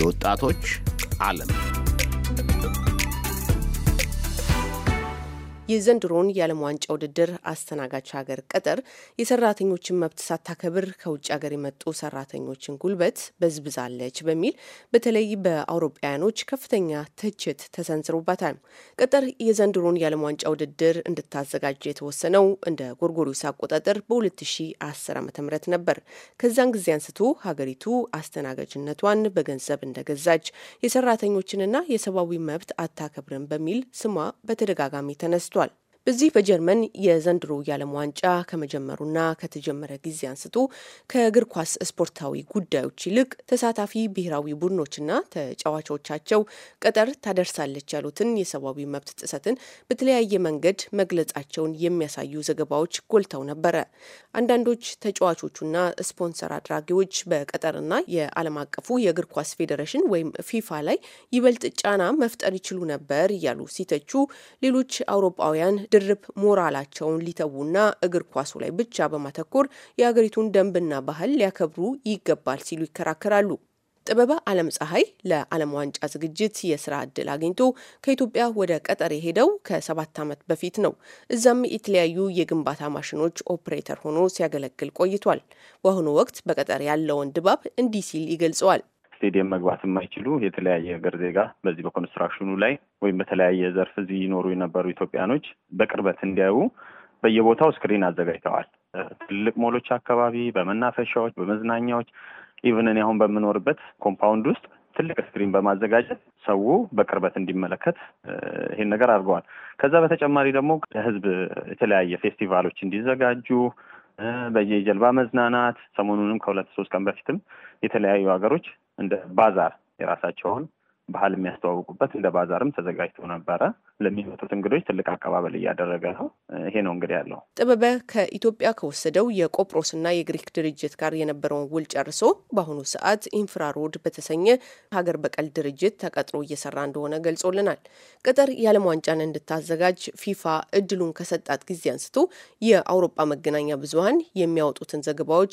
የወጣቶች ዓለም የዘንድሮን የዓለም ዋንጫ ውድድር አስተናጋጅ ሀገር ቀጠር የሰራተኞችን መብት ሳታከብር ከውጭ ሀገር የመጡ ሰራተኞችን ጉልበት በዝብዛለች በሚል በተለይ በአውሮፓውያኖች ከፍተኛ ትችት ተሰንዝሮባታል። ቀጠር የዘንድሮውን የዓለም ዋንጫ ውድድር እንድታዘጋጅ የተወሰነው እንደ ጎርጎሪስ አቆጣጠር በ2010 ዓ ም ነበር። ከዚያን ጊዜ አንስቶ ሀገሪቱ አስተናጋጅነቷን በገንዘብ እንደገዛች የሰራተኞችንና የሰብአዊ መብት አታከብርም በሚል ስሟ በተደጋጋሚ ተነስቷል። በዚህ በጀርመን የዘንድሮ የዓለም ዋንጫ ከመጀመሩና ከተጀመረ ጊዜ አንስቶ ከእግር ኳስ ስፖርታዊ ጉዳዮች ይልቅ ተሳታፊ ብሔራዊ ቡድኖችና ተጫዋቾቻቸው ቀጠር ታደርሳለች ያሉትን የሰብአዊ መብት ጥሰትን በተለያየ መንገድ መግለጻቸውን የሚያሳዩ ዘገባዎች ጎልተው ነበረ። አንዳንዶች ተጫዋቾቹና ስፖንሰር አድራጊዎች በቀጠርና የዓለም አቀፉ የእግር ኳስ ፌዴሬሽን ወይም ፊፋ ላይ ይበልጥ ጫና መፍጠር ይችሉ ነበር እያሉ ሲተቹ፣ ሌሎች አውሮፓውያን ድርብ ሞራላቸውን ሊተዉና እግር ኳሱ ላይ ብቻ በማተኮር የአገሪቱን ደንብና ባህል ሊያከብሩ ይገባል ሲሉ ይከራከራሉ። ጥበበ አለም ፀሐይ ለዓለም ዋንጫ ዝግጅት የስራ ዕድል አግኝቶ ከኢትዮጵያ ወደ ቀጠር የሄደው ከሰባት ዓመት በፊት ነው። እዛም የተለያዩ የግንባታ ማሽኖች ኦፕሬተር ሆኖ ሲያገለግል ቆይቷል። በአሁኑ ወቅት በቀጠር ያለውን ድባብ እንዲህ ሲል ይገልጸዋል። ስቴዲየም መግባት የማይችሉ የተለያየ ሀገር ዜጋ በዚህ በኮንስትራክሽኑ ላይ ወይም በተለያየ ዘርፍ እዚህ ይኖሩ የነበሩ ኢትዮጵያኖች በቅርበት እንዲያዩ በየቦታው ስክሪን አዘጋጅተዋል። ትልቅ ሞሎች አካባቢ፣ በመናፈሻዎች፣ በመዝናኛዎች ኢቨን እኔ አሁን በምኖርበት ኮምፓውንድ ውስጥ ትልቅ ስክሪን በማዘጋጀት ሰው በቅርበት እንዲመለከት ይሄን ነገር አድርገዋል። ከዛ በተጨማሪ ደግሞ ለህዝብ የተለያየ ፌስቲቫሎች እንዲዘጋጁ በየጀልባ መዝናናት ሰሞኑንም ከሁለት ሶስት ቀን በፊትም የተለያዩ ሀገሮች እንደ ባዛር የራሳቸውን ባህል የሚያስተዋውቁበት እንደ ባዛርም ተዘጋጅቶ ነበረ። ለሚመጡት እንግዶች ትልቅ አቀባበል እያደረገ ነው። ይሄ ነው እንግዲህ ያለው። ጥበበ ከኢትዮጵያ ከወሰደው የቆጵሮስና የግሪክ ድርጅት ጋር የነበረውን ውል ጨርሶ በአሁኑ ሰዓት ኢንፍራሮድ በተሰኘ ሀገር በቀል ድርጅት ተቀጥሮ እየሰራ እንደሆነ ገልጾልናል። ቀጠር የዓለም ዋንጫን እንድታዘጋጅ ፊፋ እድሉን ከሰጣት ጊዜ አንስቶ የአውሮፓ መገናኛ ብዙሀን የሚያወጡትን ዘገባዎች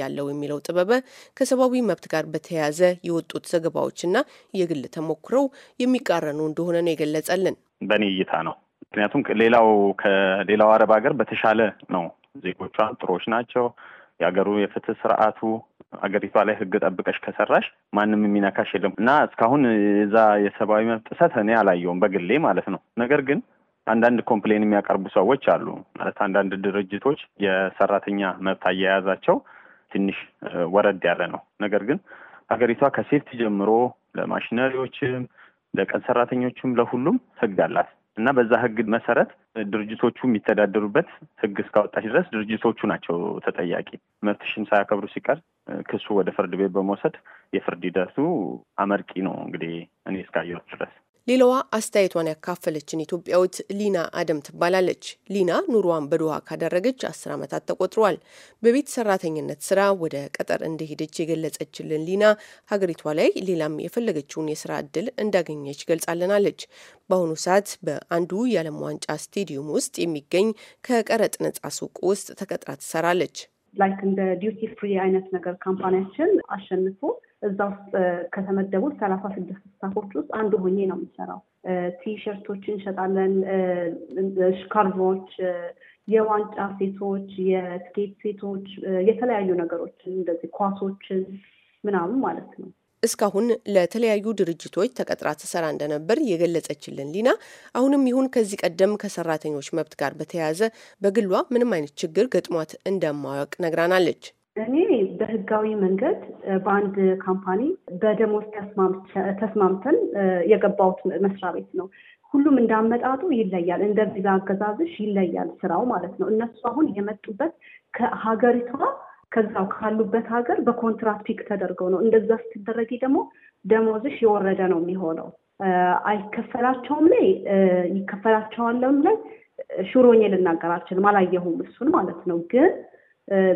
ያለው የሚለው ጥበበ ከሰብአዊ መብት ጋር በተያያዘ የወጡት ዘገባዎችና የግል ተሞክረው የሚቃረኑ እንደሆነ ነው የገለጸልን። በእኔ እይታ ነው። ምክንያቱም ሌላው ከሌላው አረብ ሀገር በተሻለ ነው። ዜጎቿ ጥሮች ናቸው። የሀገሩ የፍትህ ስርዓቱ አገሪቷ ላይ ህግ ጠብቀሽ ከሰራሽ ማንም የሚነካሽ የለም እና እስካሁን እዛ የሰብአዊ መብት ጥሰት እኔ አላየውም በግሌ ማለት ነው። ነገር ግን አንዳንድ ኮምፕሌን የሚያቀርቡ ሰዎች አሉ። ማለት አንዳንድ ድርጅቶች የሰራተኛ መብት አያያዛቸው ትንሽ ወረድ ያለ ነው። ነገር ግን ሀገሪቷ ከሴፍቲ ጀምሮ ለማሽነሪዎችም ለቀን ሰራተኞችም ለሁሉም ህግ አላት እና በዛ ህግ መሰረት ድርጅቶቹ የሚተዳደሩበት ህግ እስካወጣች ድረስ ድርጅቶቹ ናቸው ተጠያቂ። መብትሽን ሳያከብሩ ሲቀር ክሱ ወደ ፍርድ ቤት በመውሰድ የፍርድ ሂደቱ አመርቂ ነው። እንግዲህ እኔ እስካየሁት ድረስ ሌላዋ አስተያየቷን ያካፈለችን ኢትዮጵያዊት ሊና አደም ትባላለች። ሊና ኑሯን በዱሃ ካደረገች አስር ዓመታት ተቆጥሯል። በቤት ሰራተኝነት ስራ ወደ ቀጠር እንደሄደች የገለጸችልን ሊና ሀገሪቷ ላይ ሌላም የፈለገችውን የስራ እድል እንዳገኘች ገልጻልናለች። በአሁኑ ሰዓት በአንዱ የዓለም ዋንጫ ስቴዲየም ውስጥ የሚገኝ ከቀረጥ ነጻ ሱቅ ውስጥ ተቀጥራ ትሰራለች። ላይክ እንደ ዲዩቲ ፍሪ አይነት ነገር ካምፓኒያችን አሸንፎ እዛ ውስጥ ከተመደቡት ሰላሳ ስድስት ስታፎች ውስጥ አንዱ ሆኜ ነው የምሰራው። ቲሸርቶች እንሸጣለን፣ ሽካርቮች፣ የዋንጫ ሴቶች፣ የስኬት ሴቶች፣ የተለያዩ ነገሮችን እንደዚህ ኳሶችን ምናምን ማለት ነው። እስካሁን ለተለያዩ ድርጅቶች ተቀጥራ ትሰራ እንደነበር የገለጸችልን ሊና አሁንም ይሁን ከዚህ ቀደም ከሰራተኞች መብት ጋር በተያያዘ በግሏ ምንም አይነት ችግር ገጥሟት እንደማያውቅ ነግራናለች። እኔ በህጋዊ መንገድ በአንድ ካምፓኒ በደሞዝ ተስማምተን የገባሁት መስሪያ ቤት ነው። ሁሉም እንዳመጣጡ ይለያል። እንደ ቪዛ አገዛዝሽ ይለያል ስራው ማለት ነው። እነሱ አሁን የመጡበት ከሀገሪቷ ከዛው ካሉበት ሀገር በኮንትራት ፒክ ተደርገው ነው። እንደዛ ስትደረጊ ደግሞ ደሞዝሽ የወረደ ነው የሚሆነው። አይከፈላቸውም ላይ ይከፈላቸዋለም ላይ ሹሮኜ ልናገር አልችልም። አላየሁም እሱን ማለት ነው ግን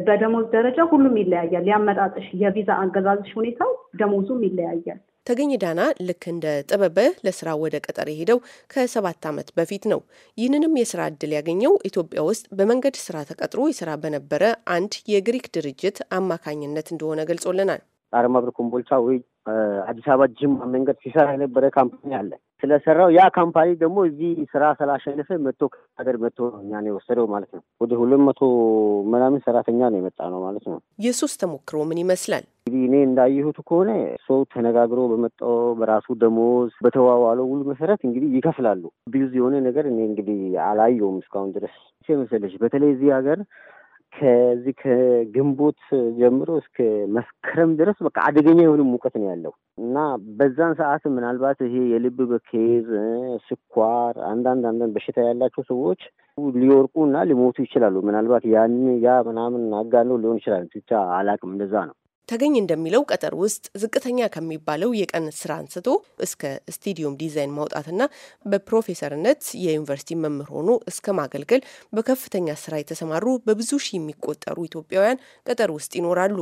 በደሞዝ ደረጃ ሁሉም ይለያያል። ያመጣጥሽ የቪዛ አገዛዝሽ ሁኔታው ደሞዙም ይለያያል። ተገኝ ዳና ልክ እንደ ጥበበ ለስራ ወደ ቀጠር የሄደው ከሰባት ዓመት በፊት ነው። ይህንንም የስራ እድል ያገኘው ኢትዮጵያ ውስጥ በመንገድ ስራ ተቀጥሮ የስራ በነበረ አንድ የግሪክ ድርጅት አማካኝነት እንደሆነ ገልጾልናል። አርማብር ኮምቦልቻ ወይ አዲስ አበባ ጅማ መንገድ ሲሰራ የነበረ ካምፓኒ አለ። ስለሰራው ያ ካምፓኒ ደግሞ እዚህ ስራ ስላሸነፈ መቶ ሀገር መቶ ነው የወሰደው ማለት ነው። ወደ ሁለት መቶ ምናምን ሰራተኛ ነው የመጣ ነው ማለት ነው። የሱስ ተሞክሮ ምን ይመስላል? እንግዲህ እኔ እንዳየሁት ከሆነ ሰው ተነጋግሮ በመጣው በራሱ ደሞዝ በተዋዋለው ውል መሰረት እንግዲህ ይከፍላሉ። ቢዝ የሆነ ነገር እኔ እንግዲህ አላየውም እስካሁን ድረስ መሰለች። በተለይ እዚህ ሀገር ከዚህ ከግንቦት ጀምሮ እስከ መስከረም ድረስ በቃ አደገኛ የሆነ ሙቀት ነው ያለው እና በዛን ሰዓት ምናልባት ይሄ የልብ በኬዝ ስኳር፣ አንዳንድ አንዳንድ በሽታ ያላቸው ሰዎች ሊወርቁ እና ሊሞቱ ይችላሉ። ምናልባት ያን ያ ምናምን አጋኖ ሊሆን ይችላል። ብቻ አላቅም እንደዛ ነው። ተገኝ እንደሚለው ቀጠር ውስጥ ዝቅተኛ ከሚባለው የቀን ስራ አንስቶ እስከ ስቴዲየም ዲዛይን ማውጣትና በፕሮፌሰርነት የዩኒቨርሲቲ መምህር ሆኖ እስከ ማገልገል በከፍተኛ ስራ የተሰማሩ በብዙ ሺህ የሚቆጠሩ ኢትዮጵያውያን ቀጠር ውስጥ ይኖራሉ።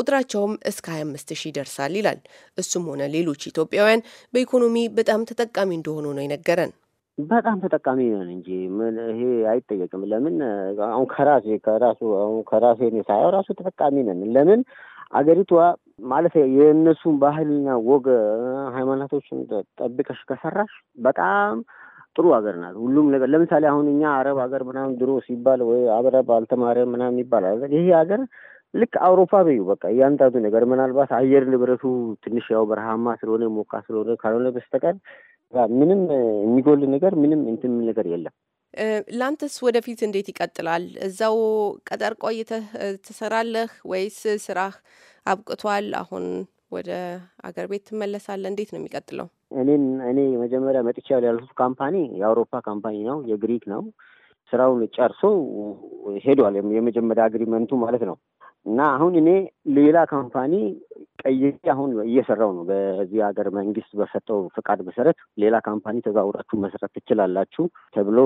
ቁጥራቸውም እስከ 25 ሺህ ይደርሳል ይላል። እሱም ሆነ ሌሎች ኢትዮጵያውያን በኢኮኖሚ በጣም ተጠቃሚ እንደሆኑ ነው የነገረን። በጣም ተጠቃሚ ነን እንጂ ምን ይሄ አይጠየቅም። ለምን አሁን ከራሴ ከራሱ አሁን ከራሴ ነው ሳየው ራሱ ተጠቃሚ ነን። ለምን አገሪቷ ማለት የእነሱን ባህልና ወግ ሃይማኖቶችን ጠብቀሽ ከሰራሽ በጣም ጥሩ ሀገር ናት። ሁሉም ነገር ለምሳሌ አሁን እኛ አረብ ሀገር ምናምን ድሮ ሲባል ወይ አረብ አልተማረ ምናምን ይባላል። ይሄ ሀገር ልክ አውሮፓ በዩ በቃ እያንዳንዱ ነገር ምናልባት አየር ንብረቱ ትንሽ ያው በረሃማ ስለሆነ ሞቃ ስለሆነ ካልሆነ በስተቀር ምንም የሚጎል ነገር ምንም እንትን የሚል ነገር የለም። ላንተስ ወደፊት እንዴት ይቀጥላል? እዛው ቀጠር ቆይተህ ትሰራለህ ወይስ ስራህ አብቅቷል? አሁን ወደ አገር ቤት ትመለሳለህ? እንዴት ነው የሚቀጥለው? እኔም እኔ መጀመሪያ መጥቻ ያልኩት ካምፓኒ የአውሮፓ ካምፓኒ ነው፣ የግሪክ ነው። ስራውን ጨርሶ ሄዷል። የመጀመሪያ አግሪመንቱ ማለት ነው። እና አሁን እኔ ሌላ ካምፓኒ ቀይሬ አሁን እየሰራው ነው። በዚህ ሀገር መንግስት በሰጠው ፍቃድ መሰረት ሌላ ካምፓኒ ተዛውራችሁ መስራት ትችላላችሁ ተብሎ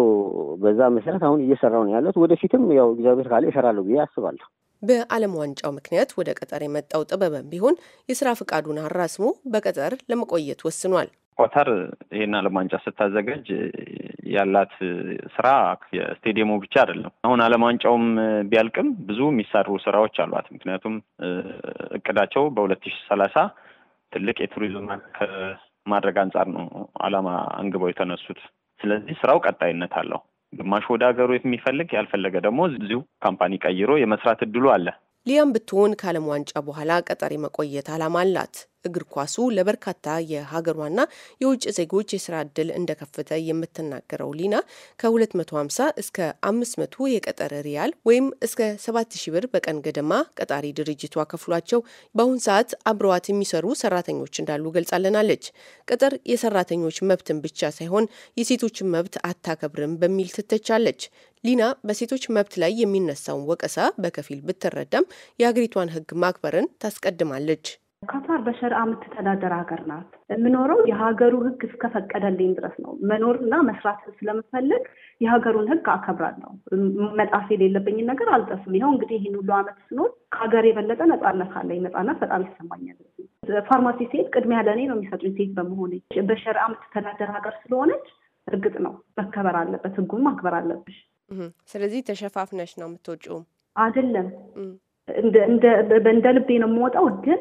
በዛ መሰረት አሁን እየሰራው ነው ያለት። ወደፊትም ያው እግዚአብሔር ካለ ይሰራለሁ ብዬ አስባለሁ። በዓለም ዋንጫው ምክንያት ወደ ቀጠር የመጣው ጥበብም ቢሆን የስራ ፍቃዱን አራስሞ በቀጠር ለመቆየት ወስኗል። ቆተር ይህን ዓለም ዋንጫ ስታዘጋጅ ያላት ስራ የስቴዲየሙ ብቻ አይደለም። አሁን ዓለም ዋንጫውም ቢያልቅም ብዙ የሚሰሩ ስራዎች አሏት። ምክንያቱም እቅዳቸው በሁለት ሺ ሰላሳ ትልቅ የቱሪዝም ከማድረግ አንጻር ነው ዓላማ አንግበው የተነሱት። ስለዚህ ስራው ቀጣይነት አለው። ግማሽ ወደ ሀገሩ የሚፈልግ ያልፈለገ ደግሞ እዚሁ ካምፓኒ ቀይሮ የመስራት እድሉ አለ። ሊያም ብትሆን ከዓለም ዋንጫ በኋላ ቀጠሪ መቆየት ዓላማ አላት። እግር ኳሱ ለበርካታ የሀገሯና የውጭ ዜጎች የስራ እድል እንደከፈተ የምትናገረው ሊና ከ250 እስከ 500 የቀጠር ሪያል ወይም እስከ 7000 ብር በቀን ገደማ ቀጣሪ ድርጅቷ ከፍሏቸው በአሁን ሰዓት አብረዋት የሚሰሩ ሰራተኞች እንዳሉ ገልጻለናለች። ቅጥር የሰራተኞች መብትን ብቻ ሳይሆን የሴቶችን መብት አታከብርም በሚል ትተቻለች። ሊና በሴቶች መብት ላይ የሚነሳውን ወቀሳ በከፊል ብትረዳም የሀገሪቷን ሕግ ማክበርን ታስቀድማለች። ካታር በሸርአ የምትተዳደር ሀገር ናት። የምኖረው የሀገሩ ህግ እስከፈቀደልኝ ድረስ ነው። መኖርና መስራት ስለምፈልግ የሀገሩን ህግ አከብራለሁ። መጣፍ የሌለብኝን ነገር አልጠፍም። ይኸው እንግዲህ ይህን ሁሉ አመት ስኖር ከሀገር የበለጠ ነጻነት አለኝ። ነጻነት በጣም ይሰማኛል። ፋርማሲ ሴት ቅድሚያ ለእኔ ነው የሚሰጡኝ። ሴት በመሆኔ በሸርአ የምትተዳደር ሀገር ስለሆነች እርግጥ ነው መከበር አለበት፣ ህጉም ማክበር አለብሽ። ስለዚህ ተሸፋፍነሽ ነው የምትወጪውም አይደለም እንደ ልቤ ነው የምወጣው ግን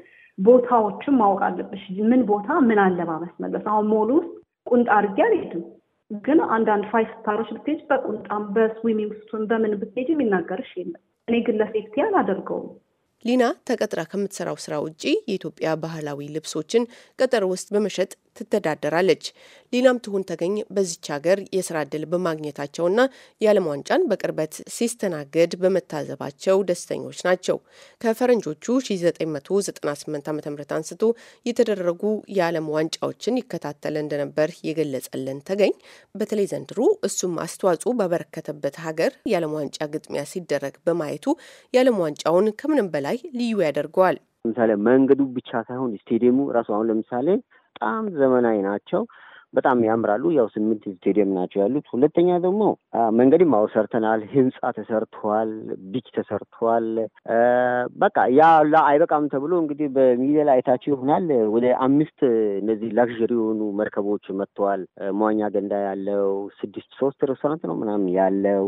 ቦታዎችን ማወቅ አለብሽ። ምን ቦታ ምን አለባበስ መልበስ። አሁን ሞል ውስጥ ቁንጣ አድርጌ አልሄድም፣ ግን አንዳንድ ፋይቭ ስታሮች ብትሄጅ በቁንጣም በስዊሚንግ ሱቱን በምን ብትሄጅ የሚናገርሽ የለም። እኔ ግን ለሴፍቲ አላደርገውም። ሊና ተቀጥራ ከምትሰራው ስራ ውጪ የኢትዮጵያ ባህላዊ ልብሶችን ቀጠር ውስጥ በመሸጥ ትተዳደራለች። ሌላም ትሁን ተገኝ በዚች ሀገር የስራ እድል በማግኘታቸውና የዓለም ዋንጫን በቅርበት ሲስተናገድ በመታዘባቸው ደስተኞች ናቸው። ከፈረንጆቹ 1998 ዓ ም አንስቶ የተደረጉ የዓለም ዋንጫዎችን ይከታተል እንደነበር የገለጸልን ተገኝ በተለይ ዘንድሮ እሱም አስተዋጽኦ ባበረከተበት ሀገር የዓለም ዋንጫ ግጥሚያ ሲደረግ በማየቱ የዓለም ዋንጫውን ከምንም በላይ ልዩ ያደርገዋል። ለምሳሌ መንገዱ ብቻ ሳይሆን ስቴዲየሙ ራሱ አሁን ለምሳሌ በጣም ዘመናዊ ናቸው። በጣም ያምራሉ። ያው ስምንት ስቴዲየም ናቸው ያሉት። ሁለተኛ ደግሞ መንገድም አዎ ሰርተናል። ህንፃ ተሰርተዋል፣ ቢች ተሰርተዋል። በቃ ያ አይበቃም ተብሎ እንግዲህ በሚዲያ ላይ አይታቸው ይሆናል ወደ አምስት እነዚህ ላክሪ የሆኑ መርከቦች መጥተዋል። መዋኛ ገንዳ ያለው ስድስት ሶስት ሬስቶራንት ነው ምናም ያለው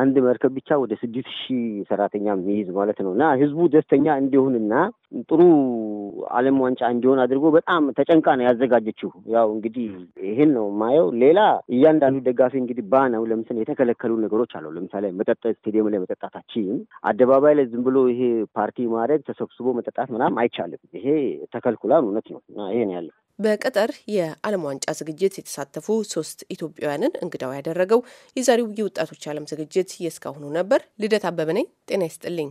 አንድ መርከብ ብቻ ወደ ስድስት ሺህ ሰራተኛ የሚይዝ ማለት ነው እና ህዝቡ ደስተኛ እንዲሆንና ጥሩ ዓለም ዋንጫ እንዲሆን አድርጎ በጣም ተጨንቃ ነው ያዘጋጀችው። ያው እንግዲህ ይህን ነው ማየው። ሌላ እያንዳንዱ ደጋፊ እንግዲህ ነው። ለምሳሌ የተከለከሉ ነገሮች አለው። ለምሳሌ መጠጥ ስቴዲየም ላይ መጠጣታችን፣ አደባባይ ላይ ዝም ብሎ ይሄ ፓርቲ ማድረግ ተሰብስቦ መጠጣት ምናምን አይቻልም። ይሄ ተከልኩላል። እውነት ነው። ይሄን ያለው። በቀጠር የዓለም ዋንጫ ዝግጅት የተሳተፉ ሶስት ኢትዮጵያውያንን እንግዳው ያደረገው የዛሬው የወጣቶች ዓለም ዝግጅት የእስካሁኑ ነበር። ልደት አበበ ነኝ። ጤና ይስጥልኝ።